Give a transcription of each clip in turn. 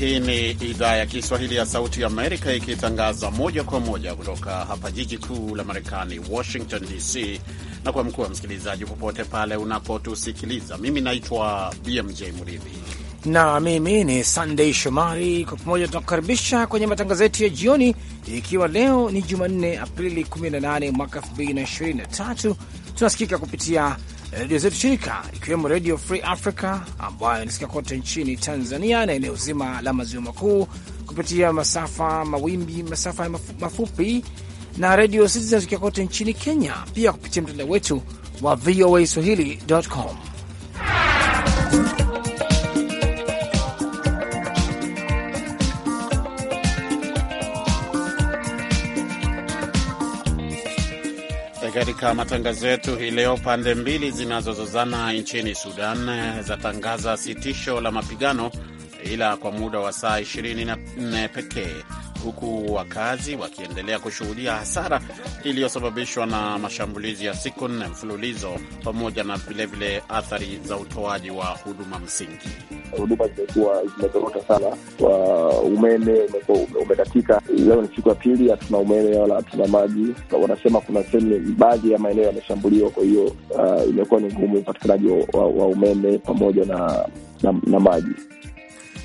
Hii ni idhaa ya Kiswahili ya Sauti ya Amerika ikitangaza moja kwa moja kutoka hapa jiji kuu la Marekani, Washington DC. Na kwa mkuu wa msikilizaji, popote pale unapotusikiliza, mimi naitwa BMJ Muridhi na mimi ni Sunday Shomari. Kwa pamoja tunakukaribisha kwenye matangazo yetu ya jioni, ikiwa leo ni Jumanne Aprili 18 mwaka 2023. Tunasikika kupitia redio zetu shirika, ikiwemo Redio Free Africa ambayo inasikika kote nchini Tanzania na eneo zima la maziwa makuu kupitia masafa mawimbi, masafa mafupi na redio Citizen zikiwa kote nchini Kenya, pia kupitia mtandao wetu wa VOA swahili.com katika matangazo yetu hii leo, pande mbili zinazozozana nchini Sudan eh, zatangaza sitisho la mapigano, ila kwa muda wa saa 24 pekee huku wakazi wakiendelea kushuhudia hasara iliyosababishwa na mashambulizi ya siku nne mfululizo pamoja na vilevile athari za utoaji wa huduma msingi. Huduma zimekuwa zimezorota sana, kwa umeme umekatika. Leo ni siku ya pili, hatuna umeme wala hatuna maji. Wanasema kuna sehemu, baadhi ya maeneo yameshambuliwa, kwa hiyo uh, imekuwa ni ngumu upatikanaji wa, wa, wa umeme pamoja na, na, na maji.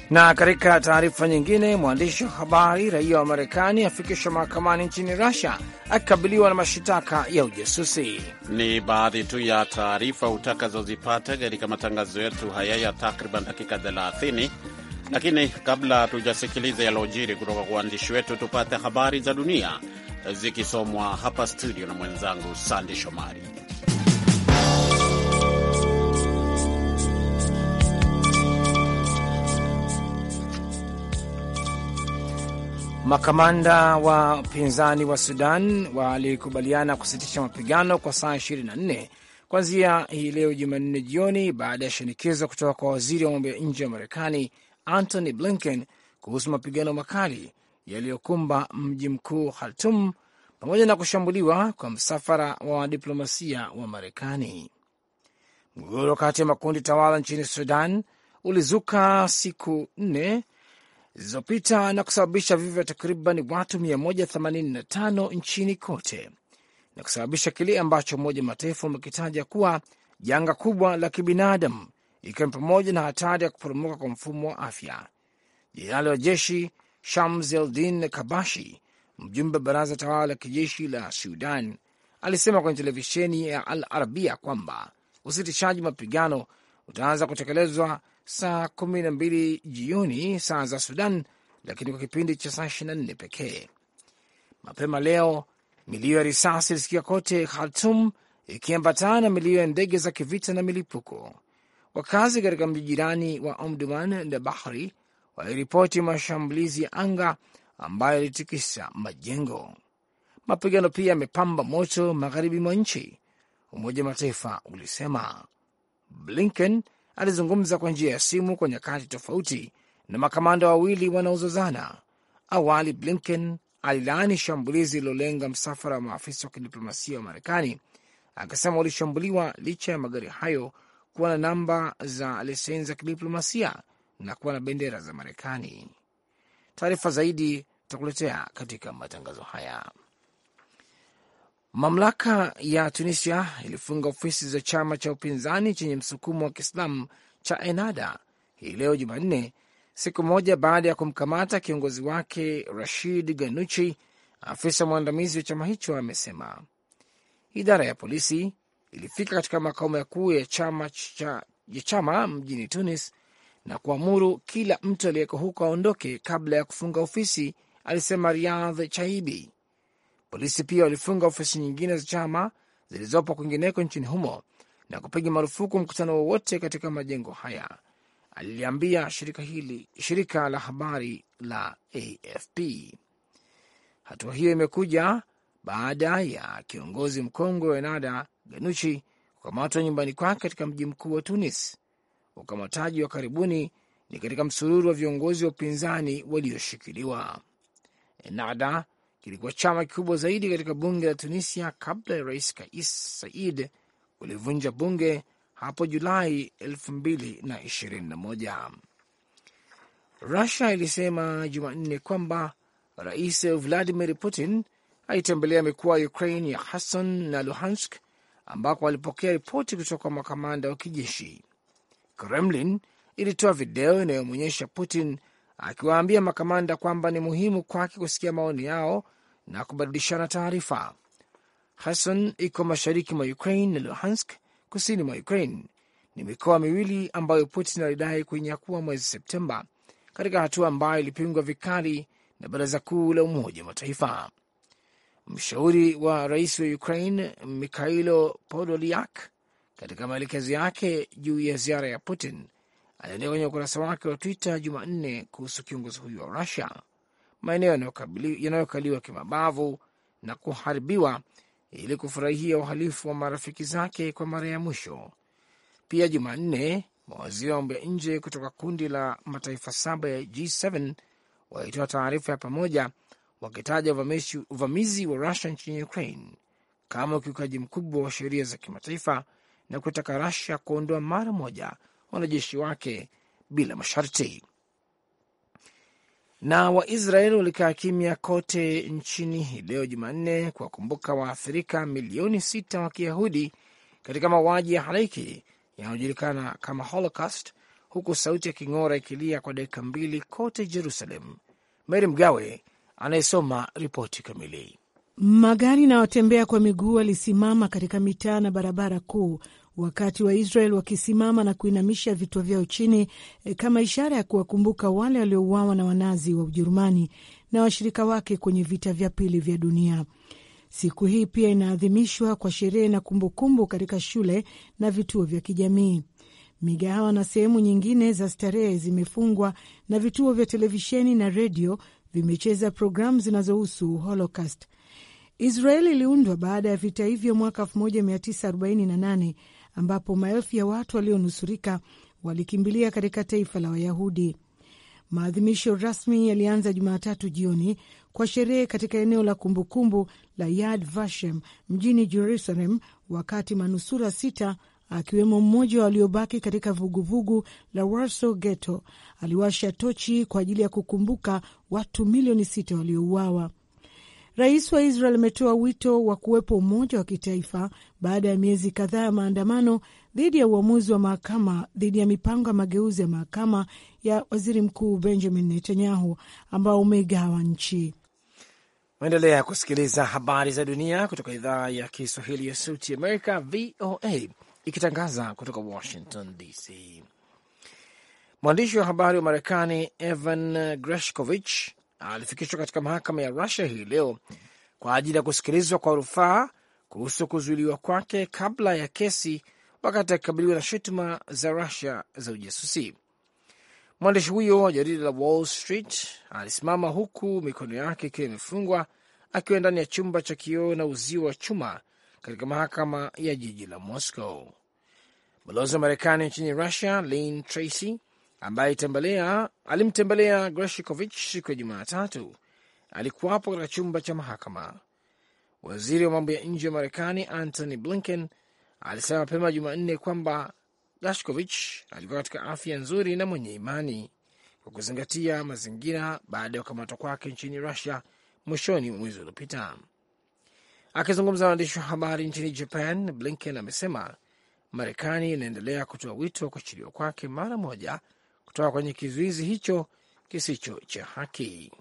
Na katika taarifa nyingine, mwandishi wa habari raia wa Marekani afikishwa mahakamani nchini rusia akikabiliwa na mashitaka ya ujasusi. Ni baadhi tu ya taarifa utakazozipata katika matangazo yetu haya ya takriban dakika 30, lakini kabla hatujasikiliza yalojiri kutoka kwa waandishi wetu, tupate habari za dunia zikisomwa hapa studio na mwenzangu Sandi Shomari. Makamanda wa pinzani wa Sudan walikubaliana kusitisha mapigano kwa saa 24 kuanzia hii leo Jumanne jioni baada ya shinikizo kutoka kwa waziri wa mambo ya nje wa Marekani Antony Blinken kuhusu mapigano makali yaliyokumba mji mkuu Khartum pamoja na kushambuliwa kwa msafara wa diplomasia wa Marekani. Mgogoro kati ya makundi tawala nchini Sudan ulizuka siku nne zilizopita na kusababisha vifo vya takriban watu 185 nchini kote na kusababisha kile ambacho Umoja Mataifa umekitaja kuwa janga kubwa la kibinadamu, ikiwa ni pamoja na hatari ya kuporomoka kwa mfumo wa afya. Jenerali wa jeshi Shams Eldin Kabashi, mjumbe wa baraza tawala la kijeshi la Sudan, alisema kwenye televisheni ya Al Arabia kwamba usitishaji mapigano utaanza kutekelezwa saa kumi na mbili jioni saa za Sudan, lakini kwa kipindi cha saa 24 pekee. Mapema leo milio ya risasi ilisikia kote Khartum ikiambatana na milio ya ndege za kivita na milipuko. Wakazi katika mji jirani wa Omduman na Bahri waliripoti mashambulizi ya anga ambayo yalitikisa majengo. Mapigano pia yamepamba moto magharibi mwa nchi, Umoja wa Mataifa ulisema. Blinken alizungumza kwa njia ya simu kwa nyakati tofauti na makamanda wawili wanaozozana. Awali Blinken alilaani shambulizi lilolenga msafara wa maafisa wa kidiplomasia wa Marekani akisema walishambuliwa licha ya magari hayo kuwa na namba za leseni za kidiplomasia na kuwa na bendera za Marekani. Taarifa zaidi tutakuletea katika matangazo haya. Mamlaka ya Tunisia ilifunga ofisi za chama cha upinzani chenye msukumo wa Kiislamu cha Ennahda hii leo Jumanne, siku moja baada ya kumkamata kiongozi wake Rashid Ghannouchi. Afisa mwandamizi wa chama hicho amesema idara ya polisi ilifika katika makao makuu ya chama, cha, ya chama mjini Tunis na kuamuru kila mtu aliyeko huko aondoke kabla ya kufunga ofisi, alisema Riadh Chaibi. Polisi pia walifunga ofisi nyingine za chama zilizopo kwingineko nchini humo na kupiga marufuku mkutano wowote katika majengo haya, aliliambia shirika hili shirika la habari la AFP. Hatua hiyo imekuja baada ya kiongozi mkongwe wa Ennahda Ganuchi kukamatwa nyumbani kwake katika mji mkuu wa Tunis. Ukamataji wa karibuni ni katika msururu wa viongozi wa upinzani walioshikiliwa. Ennahda kilikuwa chama kikubwa zaidi katika bunge la Tunisia kabla ya rais Kais Said kulivunja bunge hapo Julai 2021. Rusia ilisema Jumanne kwamba rais Vladimir Putin aitembelea mikoa ya Ukraine ya hasson na Luhansk ambako alipokea ripoti kutoka kwa makamanda wa kijeshi. Kremlin ilitoa video inayomwonyesha Putin akiwaambia makamanda kwamba ni muhimu kwake kusikia maoni yao na kubadilishana taarifa. Kherson iko mashariki mwa Ukraine na Luhansk kusini mwa Ukraine. Ni mikoa miwili ambayo Putin alidai kuinyakua mwezi Septemba, katika hatua ambayo ilipingwa vikali na Baraza Kuu la Umoja wa Mataifa. Mshauri wa rais wa Ukraine Mikhailo Podolyak, katika maelekezo yake juu ya ziara ya Putin, aliandika kwenye ukurasa wake wa Twitter Jumanne kuhusu kiongozi huyo wa Rusia. Maeneo yanayokaliwa kimabavu na kuharibiwa ili kufurahia uhalifu wa marafiki zake kwa mara ya mwisho. Pia Jumanne, mawaziri wa mambo ya nje kutoka kundi la mataifa saba ya G7 walitoa taarifa ya pamoja wakitaja uvamizi wa Rusia nchini Ukraine kama ukiukaji mkubwa wa sheria za kimataifa na kutaka Rusia kuondoa mara moja wanajeshi wake bila masharti. Na waisrael walikaa kimya kote nchini hii leo Jumanne kuwakumbuka waathirika milioni sita wa Kiyahudi katika mauaji ya halaiki yanayojulikana kama Holocaust, huku sauti ya king'ora ikilia kwa dakika mbili kote Jerusalem. Mary Mgawe anayesoma ripoti kamili. Magari na watembea kwa miguu walisimama katika mitaa na barabara kuu wakati wa Israel wakisimama na kuinamisha vichwa vyao chini eh, kama ishara ya kuwakumbuka wale waliouawa na wanazi wa Ujerumani na washirika wake kwenye vita vya pili vya dunia. Siku hii pia inaadhimishwa kwa sherehe na kumbukumbu katika shule na vituo vya kijamii. Migahawa na sehemu nyingine za starehe zimefungwa na vituo vya televisheni na redio vimecheza programu zinazohusu Holocaust. Israel iliundwa baada ya vita hivyo mwaka 1948 ambapo maelfu ya watu walionusurika walikimbilia katika taifa la Wayahudi. Maadhimisho rasmi yalianza Jumatatu jioni kwa sherehe katika eneo la kumbukumbu la Yad Vashem mjini Jerusalem, wakati manusura sita akiwemo mmoja waliobaki katika vuguvugu vugu la Warsaw Ghetto aliwasha tochi kwa ajili ya kukumbuka watu milioni sita waliouawa. Rais wa Israel ametoa wito wa kuwepo umoja wa kitaifa baada ya miezi kadhaa ya maandamano dhidi ya uamuzi wa mahakama dhidi ya mipango ya mageuzi ya mahakama ya waziri mkuu Benjamin Netanyahu ambao umeigawa nchi. Maendelea kusikiliza habari za dunia kutoka idhaa ya Kiswahili ya Sauti Amerika, VOA, ikitangaza kutoka Washington DC. Mwandishi wa habari wa Marekani Evan Greshkovich alifikishwa katika mahakama ya Rusia hii leo kwa ajili ya kusikilizwa kwa rufaa kuhusu kuzuiliwa kwake kabla ya kesi, wakati akikabiliwa na shutuma za Rusia za ujasusi. Mwandishi huyo wa jarida la Wall Street alisimama huku mikono yake ikiwa imefungwa akiwa ndani ya chumba cha kioo na uzio wa chuma katika mahakama ya jiji la Moscow. Balozi wa Marekani nchini Russia Lynn Tracy ambaye tembelea alimtembelea Grashkovich siku ya Jumatatu alikuwapo katika chumba cha mahakama. Waziri wa mambo ya nje wa Marekani Antony Blinken alisema mapema Jumanne kwamba gashkovich alikuwa katika afya nzuri na mwenye imani kwa kuzingatia mazingira baada ya kukamatwa kwake nchini Rusia mwishoni mwa mwezi uliopita. Akizungumza na waandishi wa habari nchini Japan, Blinken amesema Marekani inaendelea kutoa wito wa kuachiliwa kwake mara moja kutoka kwenye kizuizi hicho kisicho cha haki.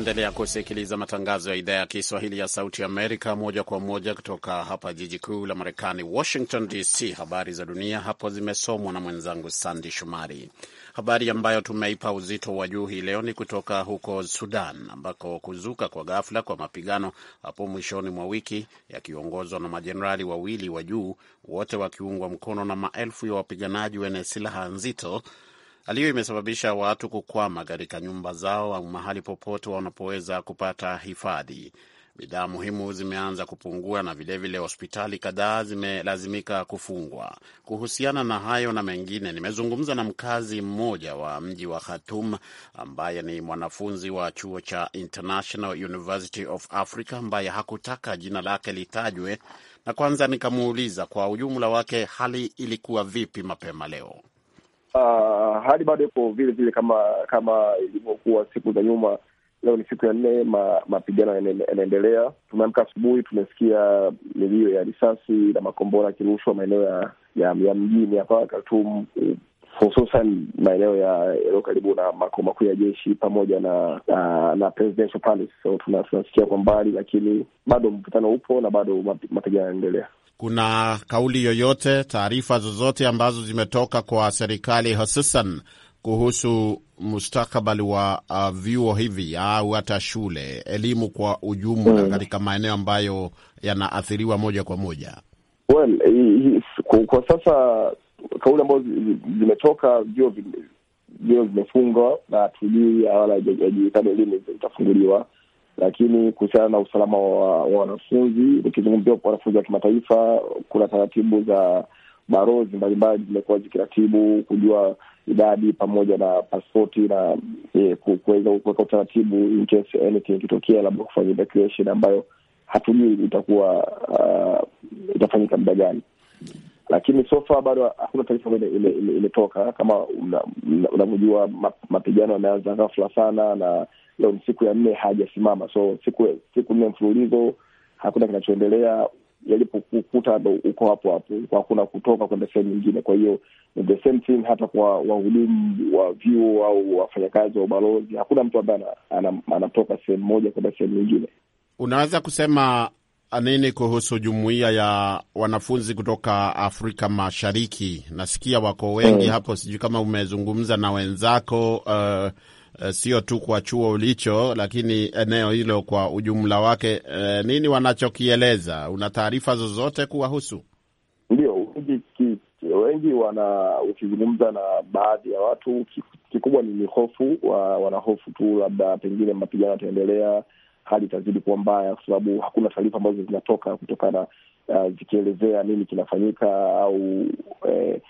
Unaendelea kusikiliza matangazo ya idhaa ya Kiswahili ya Sauti Amerika moja kwa moja kutoka hapa jiji kuu la Marekani, Washington DC. Habari za dunia hapo zimesomwa na mwenzangu Sandi Shumari. Habari ambayo tumeipa uzito wa juu hii leo ni kutoka huko Sudan, ambako kuzuka kwa ghafla kwa mapigano hapo mwishoni mwa wiki yakiongozwa na majenerali wawili wa juu, wote wakiungwa mkono na maelfu ya wapiganaji wenye silaha nzito Hali hiyo imesababisha watu kukwama katika nyumba zao au mahali popote wanapoweza kupata hifadhi. Bidhaa muhimu zimeanza kupungua na vilevile hospitali kadhaa zimelazimika kufungwa. Kuhusiana na hayo na mengine, nimezungumza na mkazi mmoja wa mji wa Khartoum ambaye ni mwanafunzi wa chuo cha International University of Africa ambaye hakutaka jina lake litajwe, na kwanza nikamuuliza kwa ujumla wake hali ilikuwa vipi mapema leo. Uh, hali bado iko vile vile kama kama ilivyokuwa siku za nyuma. Leo ni siku ya nne, ma, mapigano yanaendelea. Tumeamka asubuhi, tumesikia milio ya risasi na makombora yakirushwa maeneo ya, ya, ya mjini hapa Khartoum, hususan maeneo yaliyo karibu na makao makuu ya jeshi pamoja na na, na presidential palace. So tunasikia kwa mbali, lakini bado mvutano upo na bado mapigano yanaendelea. Kuna kauli yoyote, taarifa zozote ambazo zimetoka kwa serikali hususan kuhusu mustakabali wa uh, vyuo hivi au hata shule, elimu kwa ujumla hmm. katika maeneo ambayo yanaathiriwa moja kwa moja? Well, kwa sasa kauli ambazo zimetoka, vyuo vimefungwa na tujui awala hajulikani lini zitafunguliwa, lakini kuhusiana na usalama wa wanafunzi, ukizungumzia wanafunzi wa kimataifa, kuna taratibu za barozi mbalimbali zimekuwa zikiratibu kujua idadi pamoja na pasipoti na e, kuweza kuweka utaratibu in case anything ikitokea, labda kufanya evacuation ambayo hatujui itakuwa uh, itafanyika muda gani lakini sofa bado hakuna taarifa imetoka. Kama unavyojua, mapigano yameanza ghafla sana, na leo ni siku ya nne hajasimama, so siku siku nne mfululizo hakuna kinachoendelea. Yalipokukuta ndo uko hapo hapo, hakuna kutoka kwenda sehemu nyingine. Kwa hiyo the same thing hata kwa wahudumu wa vyuo au wafanyakazi wa ubalozi, hakuna mtu ambaye anatoka sehemu moja kwenda sehemu nyingine. Unaweza kusema nini kuhusu jumuiya ya wanafunzi kutoka Afrika Mashariki? Nasikia wako wengi mm. hapo, sijui kama umezungumza na wenzako uh, uh, sio tu kwa chuo ulicho, lakini eneo hilo kwa ujumla wake uh, nini wanachokieleza? Una taarifa zozote kuwahusu? Ndio, wengi wana, ukizungumza na baadhi ya watu, kikubwa ni mihofu, wanahofu tu labda pengine mapigano yataendelea hali itazidi kuwa mbaya, kwa sababu hakuna taarifa ambazo zinatoka kutokana uh, zikielezea nini kinafanyika au eh,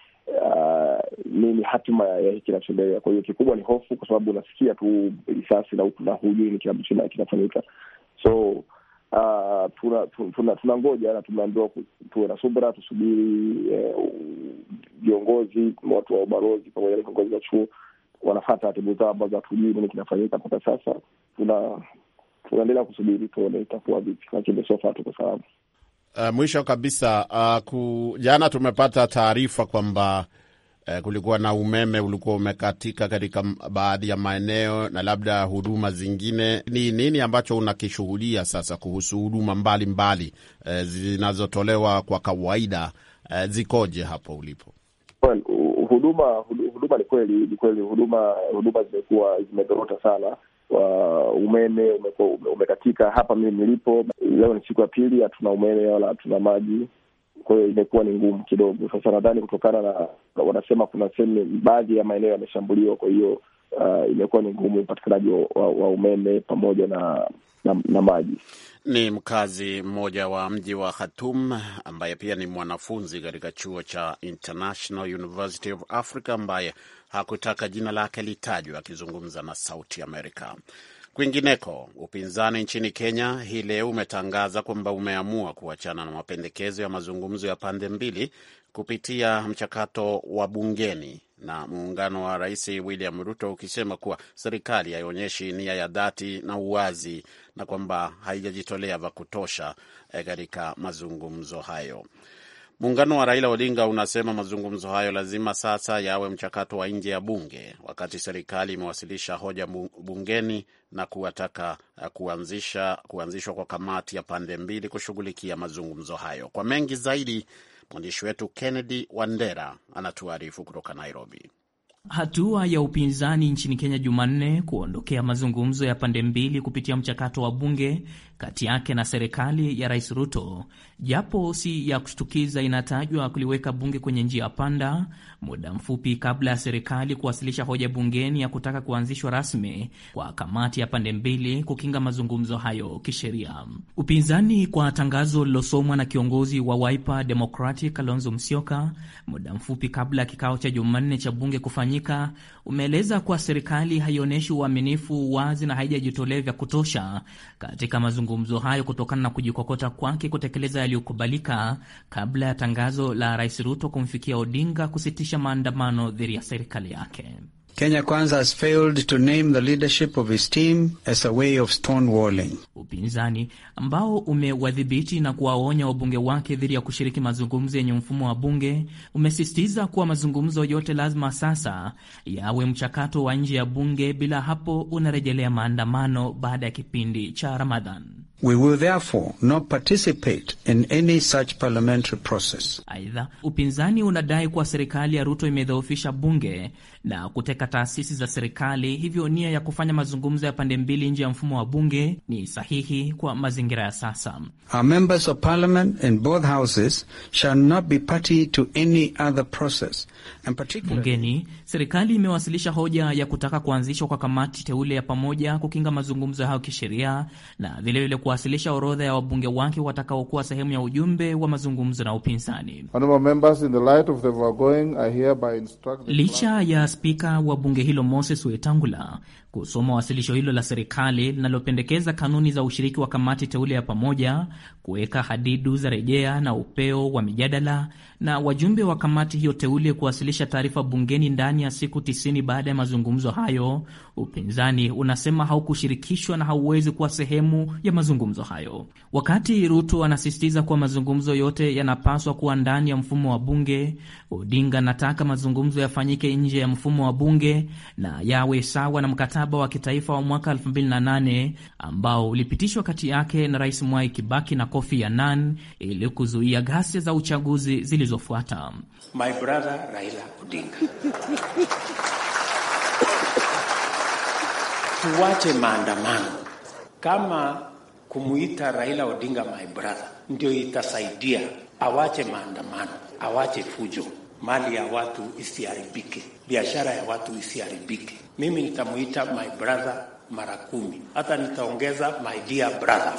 Uh, nini hatima ya hiki kinachoendelea. Kwa hiyo kikubwa ni hofu, kwa sababu unasikia tu risasi na hujui ni kina kinafanyika. So uh, tuna, tuna, tuna ngoja na tumeambiwa tuwe na subira, tusubiri eh, viongozi eh, watu wa ubalozi pamoja na viongozi wa chuo wanafata taratibu zao ambazo hatujui nini kinafanyika mpaka sasa. tuna tunaendelea kusubiri tuone itakuwa vipi, lakini sofa tuko salama. Uh, mwisho kabisa uh, ku, jana tumepata taarifa kwamba uh, kulikuwa na umeme ulikuwa umekatika katika baadhi ya maeneo na labda huduma zingine. Ni nini ambacho unakishughulia sasa kuhusu huduma mbalimbali uh, zinazotolewa kwa kawaida uh, zikoje hapo ulipo? Well, huduma huduma ni kweli ni kweli, huduma huduma zimekuwa zimedorota sana wa umeme umekatika umekatika hapa mimi nilipo. Leo ni siku ya pili, hatuna umeme wala hatuna maji, kwa hiyo imekuwa ni ngumu kidogo. Sasa nadhani kutokana na wanasema kuna sehemu baadhi ya maeneo yameshambuliwa, kwa hiyo uh, imekuwa ni ngumu upatikanaji wa, wa, wa umeme pamoja na na, na maji. Ni mkazi mmoja wa mji wa Khartoum ambaye pia ni mwanafunzi katika chuo cha International University of Africa ambaye hakutaka jina lake litajwe, akizungumza na Sauti Amerika. Kwingineko, upinzani nchini Kenya hii leo umetangaza kwamba umeamua kuachana na mapendekezo ya mazungumzo ya pande mbili kupitia mchakato wa bungeni, na muungano wa Rais William Ruto ukisema kuwa serikali haionyeshi nia ya dhati na uwazi na kwamba haijajitolea vya kutosha eh, katika mazungumzo hayo. Muungano wa Raila Odinga unasema mazungumzo hayo lazima sasa yawe mchakato wa nje ya bunge, wakati serikali imewasilisha hoja bungeni na kuwataka eh, kuanzisha kuanzishwa kwa kamati ya pande mbili kushughulikia mazungumzo hayo. Kwa mengi zaidi, mwandishi wetu Kennedy Wandera anatuarifu kutoka Nairobi. Hatua ya upinzani nchini Kenya Jumanne kuondokea mazungumzo ya pande mbili kupitia mchakato wa bunge kati yake na serikali ya Rais Ruto, japo si ya kushtukiza, inatajwa kuliweka bunge kwenye njia panda muda mfupi kabla ya serikali kuwasilisha hoja bungeni ya kutaka kuanzishwa rasmi kwa kamati ya pande mbili kukinga mazungumzo hayo kisheria. Upinzani kwa tangazo lilosomwa na kiongozi wa Wiper Democratic Kalonzo Musyoka muda mfupi kabla ya kikao cha Jumanne cha bunge kufanyika umeeleza kuwa serikali haionyeshi uaminifu wazi na haijajitolea vya kutosha katika mazungumzo mazungumzo hayo kutokana na kujikokota kwake kutekeleza yaliyokubalika kabla ya tangazo la Rais Ruto kumfikia Odinga kusitisha maandamano dhidi ya serikali yake. Kenya Kwanza has failed to name the leadership of his team as a way of stonewalling. Upinzani ambao umewadhibiti na kuwaonya wabunge wake dhidi ya kushiriki mazungumzo yenye mfumo wa bunge umesisitiza kuwa mazungumzo yote lazima sasa yawe mchakato wa nje ya bunge, bila hapo unarejelea maandamano baada ya kipindi cha Ramadhan. We will therefore not participate in any such parliamentary process. Aidha, upinzani unadai kuwa serikali ya Ruto imedhoofisha bunge na kuteka taasisi za serikali, hivyo nia ya kufanya mazungumzo ya pande mbili nje ya mfumo wa bunge ni sahihi kwa mazingira ya sasa. Our members of parliament in both houses shall not be party to any other process. And particularly... Bungeni, serikali imewasilisha hoja ya kutaka kuanzishwa kwa kamati teule ya pamoja kukinga mazungumzo hayo kisheria na vilevile kuwasilisha orodha ya wabunge wake watakaokuwa sehemu ya ujumbe wa mazungumzo na upinzani. Licha ya spika wa bunge hilo Moses Wetangula kusoma wasilisho hilo la serikali linalopendekeza kanuni za ushiriki wa kamati teule ya pamoja, kuweka hadidu za rejea na upeo wa mijadala, na wajumbe wa kamati hiyo teule kuwasilisha taarifa bungeni ndani ya siku 90 baada ya mazungumzo hayo, upinzani unasema haukushirikishwa na hauwezi kuwa sehemu ya mazungumzo hayo, wakati Ruto anasisitiza kuwa mazungumzo yote yanapaswa kuwa ndani ya mfumo wa bunge. Odinga anataka mazungumzo yafanyike nje ya mfumo wa bunge na yawe sawa na mkataba mkataba wa kitaifa wa mwaka 2008 ambao ulipitishwa kati yake na Rais Mwai Kibaki na Kofi Annan ili kuzuia ghasia za uchaguzi zilizofuata. My brother Raila Odinga, tuwache maandamano. Kama kumuita Raila Odinga my brother ndio itasaidia awache maandamano, awache fujo, mali ya watu isiharibike, biashara ya watu isiharibike mimi nitamuita my brother mara kumi, hata nitaongeza my dear brother.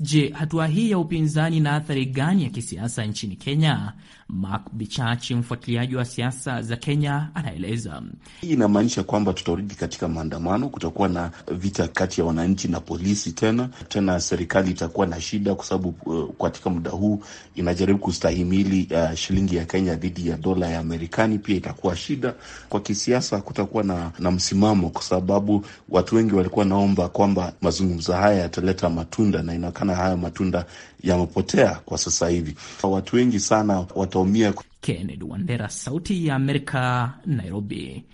Je, hatua hii ya upinzani na athari gani ya kisiasa nchini Kenya? Mark Bichachi, mfuatiliaji wa siasa za Kenya, anaeleza. Hii inamaanisha kwamba tutarudi katika maandamano, kutakuwa na vita kati ya wananchi na polisi tena tena. Serikali itakuwa na shida kwa sababu uh, katika muda huu inajaribu kustahimili uh, shilingi ya Kenya dhidi ya dola ya Marekani, pia itakuwa shida kwa kisiasa. Kutakuwa na, na msimamo kwa sababu watu wengi walikuwa naomba kwamba mazungumzo haya yataleta matunda, na inaonekana haya matunda yamepotea kwa sasa hivi. Watu wengi sana wat wataumia. Kennedy Wandera, Sauti ya Amerika, Nairobi.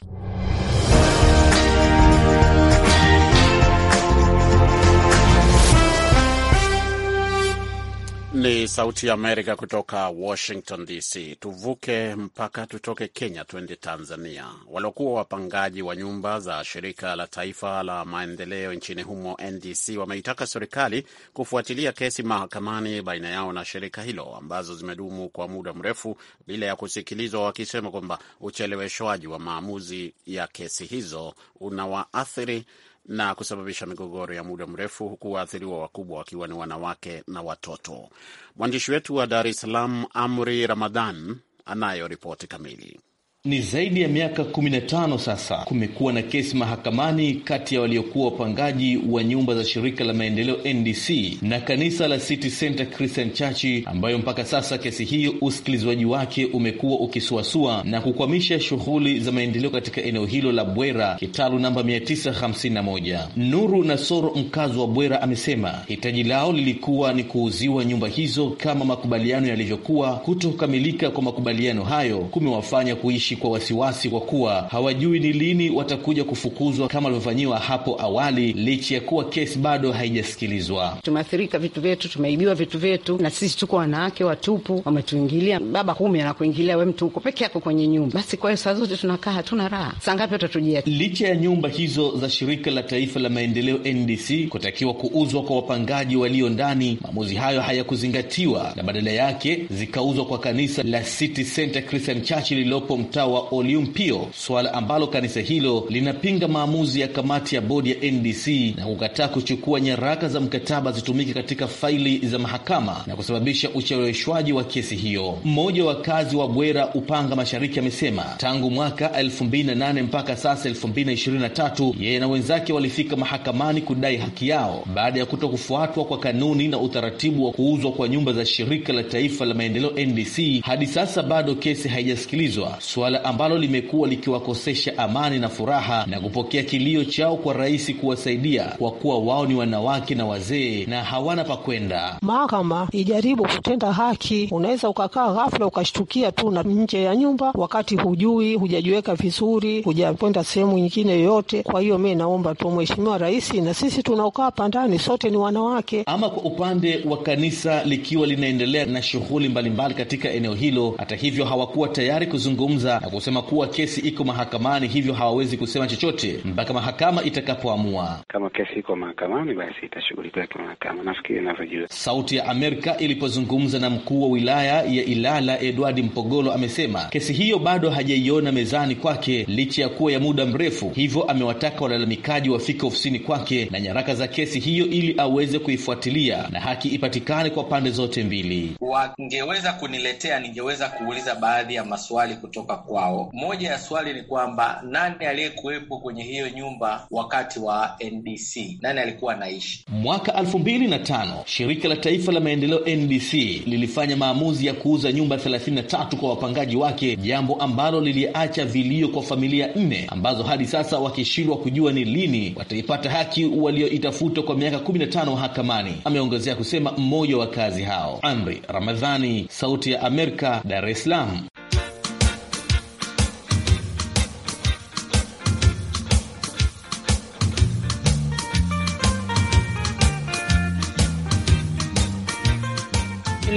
Ni Sauti ya Amerika kutoka Washington DC. Tuvuke mpaka, tutoke Kenya tuende Tanzania. Waliokuwa wapangaji wa nyumba za shirika la taifa la maendeleo nchini humo NDC wameitaka serikali kufuatilia kesi mahakamani baina yao na shirika hilo ambazo zimedumu kwa muda mrefu bila ya kusikilizwa, wakisema kwamba ucheleweshwaji wa maamuzi ya kesi hizo unawaathiri na kusababisha migogoro ya muda mrefu, huku waathiriwa wakubwa wakiwa ni wanawake na watoto. Mwandishi wetu wa Dar es Salaam, Amri Ramadhan, anayo ripoti kamili. Ni zaidi ya miaka 15 sasa kumekuwa na kesi mahakamani kati ya waliokuwa wapangaji wa nyumba za shirika la maendeleo NDC na kanisa la City Center Christian Church, ambayo mpaka sasa kesi hiyo usikilizwaji wake umekuwa ukisuasua na kukwamisha shughuli za maendeleo katika eneo hilo la Bwera, kitalu namba 951. Nuru Nasoro, mkazi wa Bwera, amesema hitaji lao lilikuwa ni kuuziwa nyumba hizo kama makubaliano yalivyokuwa. Kutokamilika kwa makubaliano hayo kumewafanya kuishi wanaishi kwa wasiwasi kwa kuwa hawajui ni lini watakuja kufukuzwa kama walivyofanyiwa hapo awali, licha ya kuwa kesi bado haijasikilizwa. Tumeathirika vitu vyetu, tumeibiwa vitu vyetu, na sisi tuko wanawake watupu, wametuingilia baba kumi anakuingilia we, mtu uko peke yako kwenye nyumba. Basi kwa hiyo saa zote tunakaa hatuna raha, saa ngapi watatujia? Licha ya nyumba hizo za shirika la taifa la maendeleo NDC kutakiwa kuuzwa kwa wapangaji walio ndani, maamuzi hayo hayakuzingatiwa na badala yake zikauzwa kwa kanisa la City Center Christian Church lililopo mta seneta wa Oliumpio, suala ambalo kanisa hilo linapinga maamuzi ya kamati ya bodi ya NDC na kukataa kuchukua nyaraka za mkataba zitumike katika faili za mahakama na kusababisha ucheleweshwaji wa kesi hiyo. Mmoja wa wakazi wa Bwera Upanga Mashariki amesema tangu mwaka 2008 mpaka sasa 2023 yeye na wenzake walifika mahakamani kudai haki yao baada ya kuto kufuatwa kwa kanuni na utaratibu wa kuuzwa kwa nyumba za shirika la taifa la maendeleo NDC. Hadi sasa bado kesi haijasikilizwa ambalo limekuwa likiwakosesha amani na furaha na kupokea kilio chao kwa rais kuwasaidia kwa kuwa wao ni wanawake na wazee na hawana pa kwenda. Mahakama ijaribu kutenda haki. Unaweza ukakaa ghafla ukashtukia tu na nje ya nyumba, wakati hujui, hujajiweka vizuri, hujakwenda sehemu nyingine yoyote. Kwa hiyo mi naomba tu mheshimiwa rais, na sisi tunaokaa hapa ndani sote ni wanawake. Ama kwa upande wa kanisa likiwa linaendelea na shughuli mbalimbali katika eneo hilo, hata hivyo hawakuwa tayari kuzungumza na kusema kuwa kesi iko mahakamani, hivyo hawawezi kusema chochote mpaka mahakama itakapoamua. Kama kesi iko mahakamani, basi itashughulikiwa kimahakama, nafikiri inavyojua. Sauti ya Amerika ilipozungumza na mkuu wa wilaya ya Ilala Edward Mpogolo, amesema kesi hiyo bado hajaiona mezani kwake licha ya kuwa ya muda mrefu, hivyo amewataka walalamikaji wafike ofisini kwake na nyaraka za kesi hiyo ili aweze kuifuatilia na haki ipatikane kwa pande zote mbili. Wangeweza kuniletea, ningeweza kuuliza baadhi ya maswali kutoka kwao. Moja ya swali ni kwamba nani aliyekuwepo kwenye hiyo nyumba wakati wa NDC, nani alikuwa anaishi? Mwaka elfu mbili na tano shirika la taifa la maendeleo NDC lilifanya maamuzi ya kuuza nyumba 33 kwa wapangaji wake, jambo ambalo liliacha vilio kwa familia nne ambazo hadi sasa wakishindwa kujua ni lini wataipata haki walioitafuta kwa miaka 15 mahakamani. Ameongezea kusema mmoja wa kazi hao. Amri Ramadhani, Sauti ya Amerika, Dar es Salaam.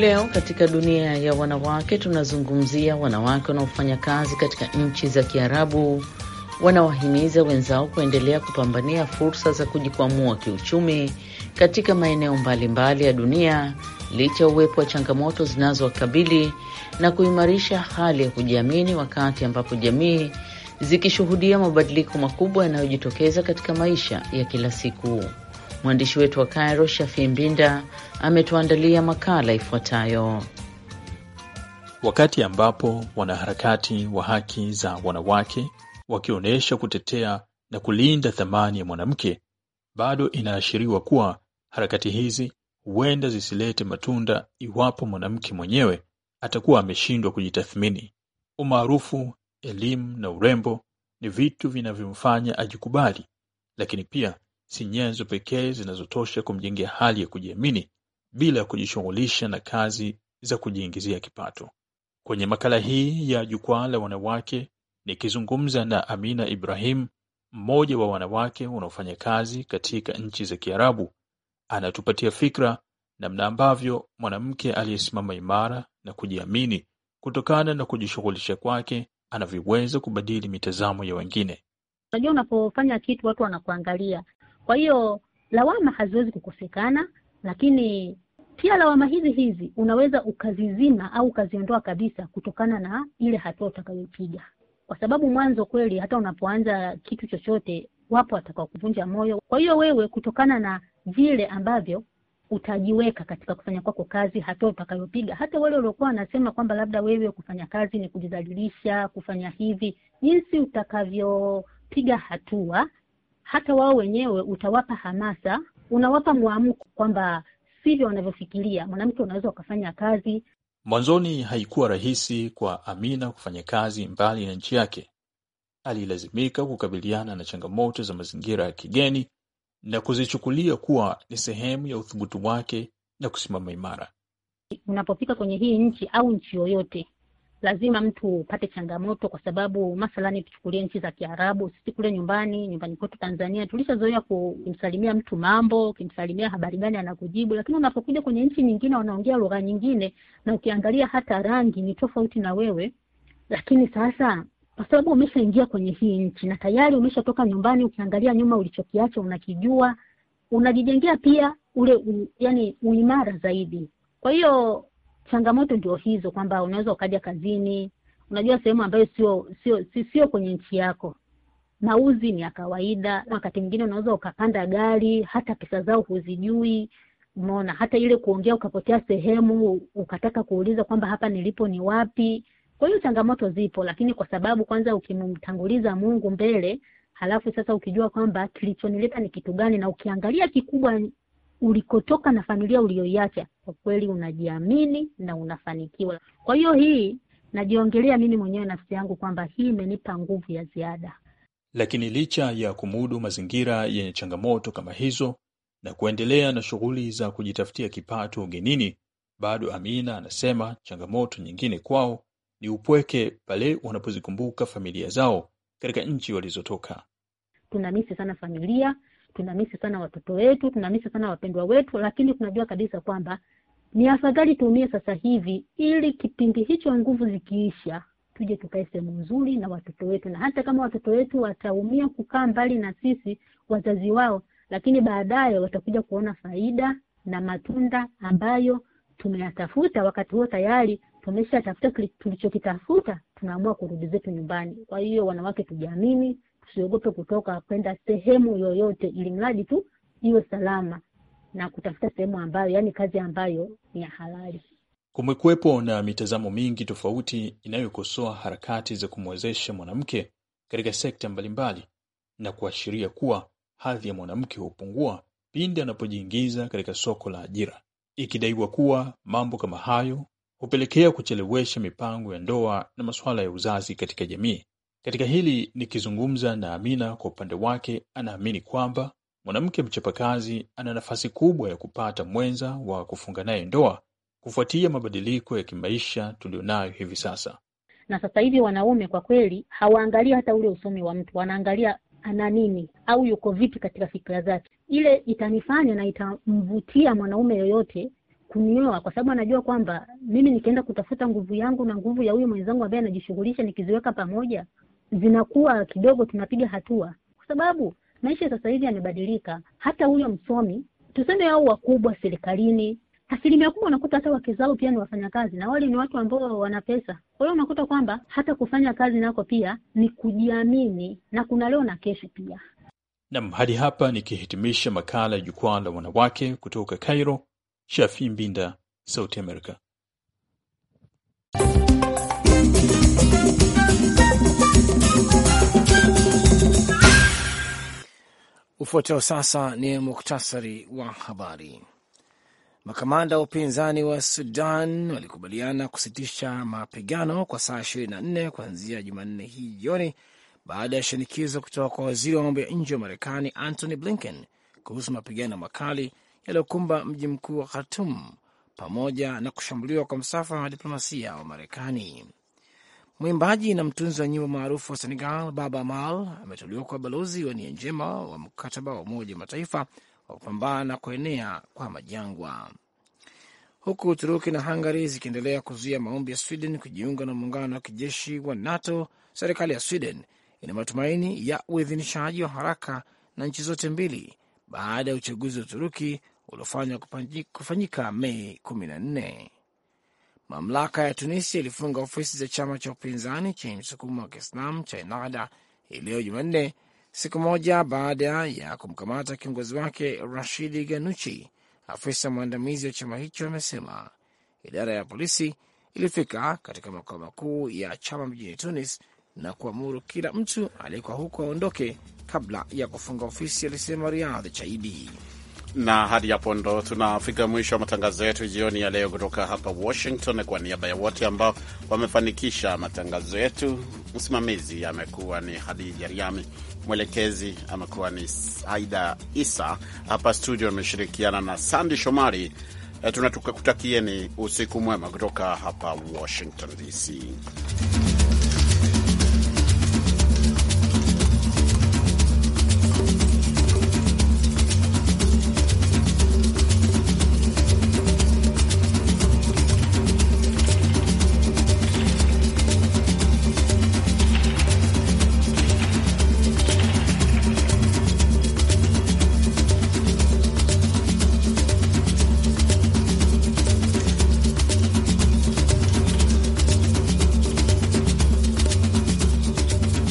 leo katika dunia ya wanawake tunazungumzia wanawake wanaofanya kazi katika nchi za Kiarabu wanawahimiza wenzao kuendelea kupambania fursa za kujikwamua kiuchumi katika maeneo mbalimbali ya dunia licha uwepo wa changamoto zinazowakabili na kuimarisha hali ya kujiamini wakati ambapo jamii zikishuhudia mabadiliko makubwa yanayojitokeza katika maisha ya kila siku. Mwandishi wetu wa Cairo, Shafi Mbinda, ametuandalia makala ifuatayo. Wakati ambapo wanaharakati wa haki za wanawake wakionyesha kutetea na kulinda thamani ya mwanamke, bado inaashiriwa kuwa harakati hizi huenda zisilete matunda iwapo mwanamke mwenyewe atakuwa ameshindwa kujitathmini. Umaarufu, elimu na urembo ni vitu vinavyomfanya ajikubali, lakini pia si nyenzo pekee zinazotosha kumjengea hali ya kujiamini bila ya kujishughulisha na kazi za kujiingizia kipato. Kwenye makala hii ya Jukwaa la Wanawake nikizungumza na Amina Ibrahim, mmoja wa wanawake wanaofanya kazi katika nchi za Kiarabu, anatupatia fikra namna ambavyo mwanamke aliyesimama imara na kujiamini kutokana na kujishughulisha kwake anavyoweza kubadili mitazamo ya wengine. Unajua, unapofanya kitu watu wanakuangalia. Kwa hiyo lawama haziwezi kukosekana, lakini pia lawama hizi hizi unaweza ukazizima au ukaziondoa kabisa kutokana na ile hatua utakayopiga, kwa sababu mwanzo kweli, hata unapoanza kitu chochote, wapo watakao kuvunja moyo. Kwa hiyo wewe, kutokana na vile ambavyo utajiweka katika kufanya kwako kazi, hatua utakayopiga, hata wale waliokuwa wanasema kwamba labda wewe kufanya kazi ni kujidhalilisha, kufanya hivi, jinsi utakavyopiga hatua hata wao wenyewe utawapa hamasa, unawapa mwamko kwamba sivyo wanavyofikiria, mwanamke unaweza ukafanya kazi. Mwanzoni haikuwa rahisi kwa Amina kufanya kazi mbali na nchi yake. Alilazimika kukabiliana na changamoto za mazingira ya kigeni na kuzichukulia kuwa ni sehemu ya uthubutu wake na kusimama imara. Unapofika kwenye hii nchi au nchi yoyote, lazima mtu upate changamoto, kwa sababu mathalani tuchukulie nchi za Kiarabu, sisi kule nyumbani nyumbani kwetu Tanzania tulishazoea kumsalimia mtu mambo, ukimsalimia habari gani anakujibu, lakini unapokuja kwenye nchi nyingine wanaongea lugha nyingine, na ukiangalia hata rangi ni tofauti na wewe, lakini sasa kwa sababu umeshaingia kwenye hii nchi na tayari umeshatoka nyumbani, ukiangalia nyuma ulichokiacha unakijua, unajijengea pia ule u, yani uimara zaidi. Kwa hiyo changamoto ndio hizo kwamba unaweza ukaja kazini unajua sehemu ambayo sio sio sio kwenye nchi yako mauzi ni ya kawaida wakati mwingine unaweza ukapanda gari hata pesa zao huzijui umeona hata ile kuongea ukapotea sehemu ukataka kuuliza kwamba hapa nilipo ni wapi kwa hiyo changamoto zipo lakini kwa sababu kwanza ukimtanguliza mungu mbele halafu sasa ukijua kwamba kilichonileta ni kitu gani na ukiangalia kikubwa ulikotoka na familia uliyoiacha kwa kweli unajiamini na unafanikiwa. Kwa hiyo hii najiongelea mimi mwenyewe nafsi yangu kwamba hii imenipa nguvu ya ziada. Lakini licha ya kumudu mazingira yenye changamoto kama hizo na kuendelea na shughuli za kujitafutia kipato ugenini, bado Amina anasema changamoto nyingine kwao ni upweke pale wanapozikumbuka familia zao katika nchi walizotoka. Tunamisi sana familia tunamisi sana watoto wetu, tunamisi sana wapendwa wetu, lakini tunajua kabisa kwamba ni afadhali tuumie sasa hivi, ili kipindi hicho nguvu zikiisha, tuje tukae sehemu nzuri na watoto wetu, na hata kama watoto wetu wataumia kukaa mbali na sisi wazazi wao, lakini baadaye watakuja kuona faida na matunda ambayo tumeyatafuta wakati huo tayari tumeshatafuta tulichokitafuta, tunaamua kurudi zetu nyumbani. Kwa hiyo wanawake, tujiamini, usiogope kutoka kwenda sehemu yoyote, ili mradi tu iwe salama na kutafuta sehemu ambayo, yani kazi ambayo ni ya halali. Kumekuwepo na mitazamo mingi tofauti inayokosoa harakati za kumwezesha mwanamke katika sekta mbalimbali na kuashiria kuwa hadhi ya mwanamke hupungua pindi anapojiingiza katika soko la ajira, ikidaiwa kuwa mambo kama hayo hupelekea kuchelewesha mipango ya ndoa na masuala ya uzazi katika jamii. Katika hili nikizungumza na Amina, kwa upande wake anaamini kwamba mwanamke mchapakazi ana nafasi kubwa ya kupata mwenza wa kufunga naye ndoa kufuatia mabadiliko ya kimaisha tuliyonayo hivi sasa. Na sasa hivi wanaume kwa kweli hawaangalia hata ule usomi wa mtu, wanaangalia ana nini au yuko vipi katika fikra zake. Ile itanifanya na itamvutia mwanaume yoyote kunioa, kwa sababu anajua kwamba mimi nikienda kutafuta nguvu yangu na nguvu ya huyu mwenzangu ambaye anajishughulisha, nikiziweka pamoja, zinakuwa kidogo tunapiga hatua, kwa sababu maisha sasa hivi yamebadilika. Hata huyo msomi tuseme, au wakubwa serikalini, asilimia kubwa unakuta hata wake zao pia ni wafanyakazi, na wale ni watu ambao wana pesa. Kwa hiyo unakuta kwamba hata kufanya kazi nako pia ni kujiamini, na kuna leo na kesho pia. Nam, hadi hapa nikihitimisha makala ya Jukwaa la Wanawake kutoka Cairo, Shafi Mbinda, Sauti America. Ufuatao sasa ni muktasari wa habari. Makamanda wa upinzani wa Sudan walikubaliana kusitisha mapigano kwa saa 24 kuanzia Jumanne hii jioni baada ya shinikizo kutoka kwa waziri wa mambo ya nje wa Marekani Antony Blinken kuhusu mapigano makali yaliyokumba mji mkuu wa Khartum pamoja na kushambuliwa kwa msafara wa diplomasia wa Marekani. Mwimbaji na mtunzi wa nyimbo maarufu wa Senegal Baba mal ameteuliwa kwa balozi wa nia njema wa mkataba wa Umoja wa Mataifa wa kupambana na kuenea kwa majangwa. Huku Uturuki na Hungary zikiendelea kuzuia maombi ya Sweden kujiunga na muungano wa kijeshi wa NATO, serikali ya Sweden ina matumaini ya uidhinishaji wa haraka na nchi zote mbili baada ya uchaguzi wa Uturuki uliofanywa kufanyika Mei nne. Mamlaka ya Tunisia ilifunga ofisi za chama cha upinzani chenye msukumo wa kiislam cha Ennahda hii leo Jumanne, siku moja baada ya kumkamata kiongozi wake Rashidi Ganuchi. Afisa mwandamizi wa chama hicho amesema idara ya polisi ilifika katika makao makuu ya chama mjini Tunis na kuamuru kila mtu aliyekuwa huko aondoke kabla ya kufunga ofisi, alisema Riadhi Chaidi na hadi hapo ndo tunafika mwisho wa matangazo yetu jioni ya leo kutoka hapa Washington. Kwa niaba ya wote ambao wamefanikisha matangazo yetu, msimamizi amekuwa ni Hadija Riami, mwelekezi amekuwa ni Aida Isa, hapa studio ameshirikiana na Sandi Shomari. Eh, Tunakutakieni usiku mwema kutoka hapa Washington DC.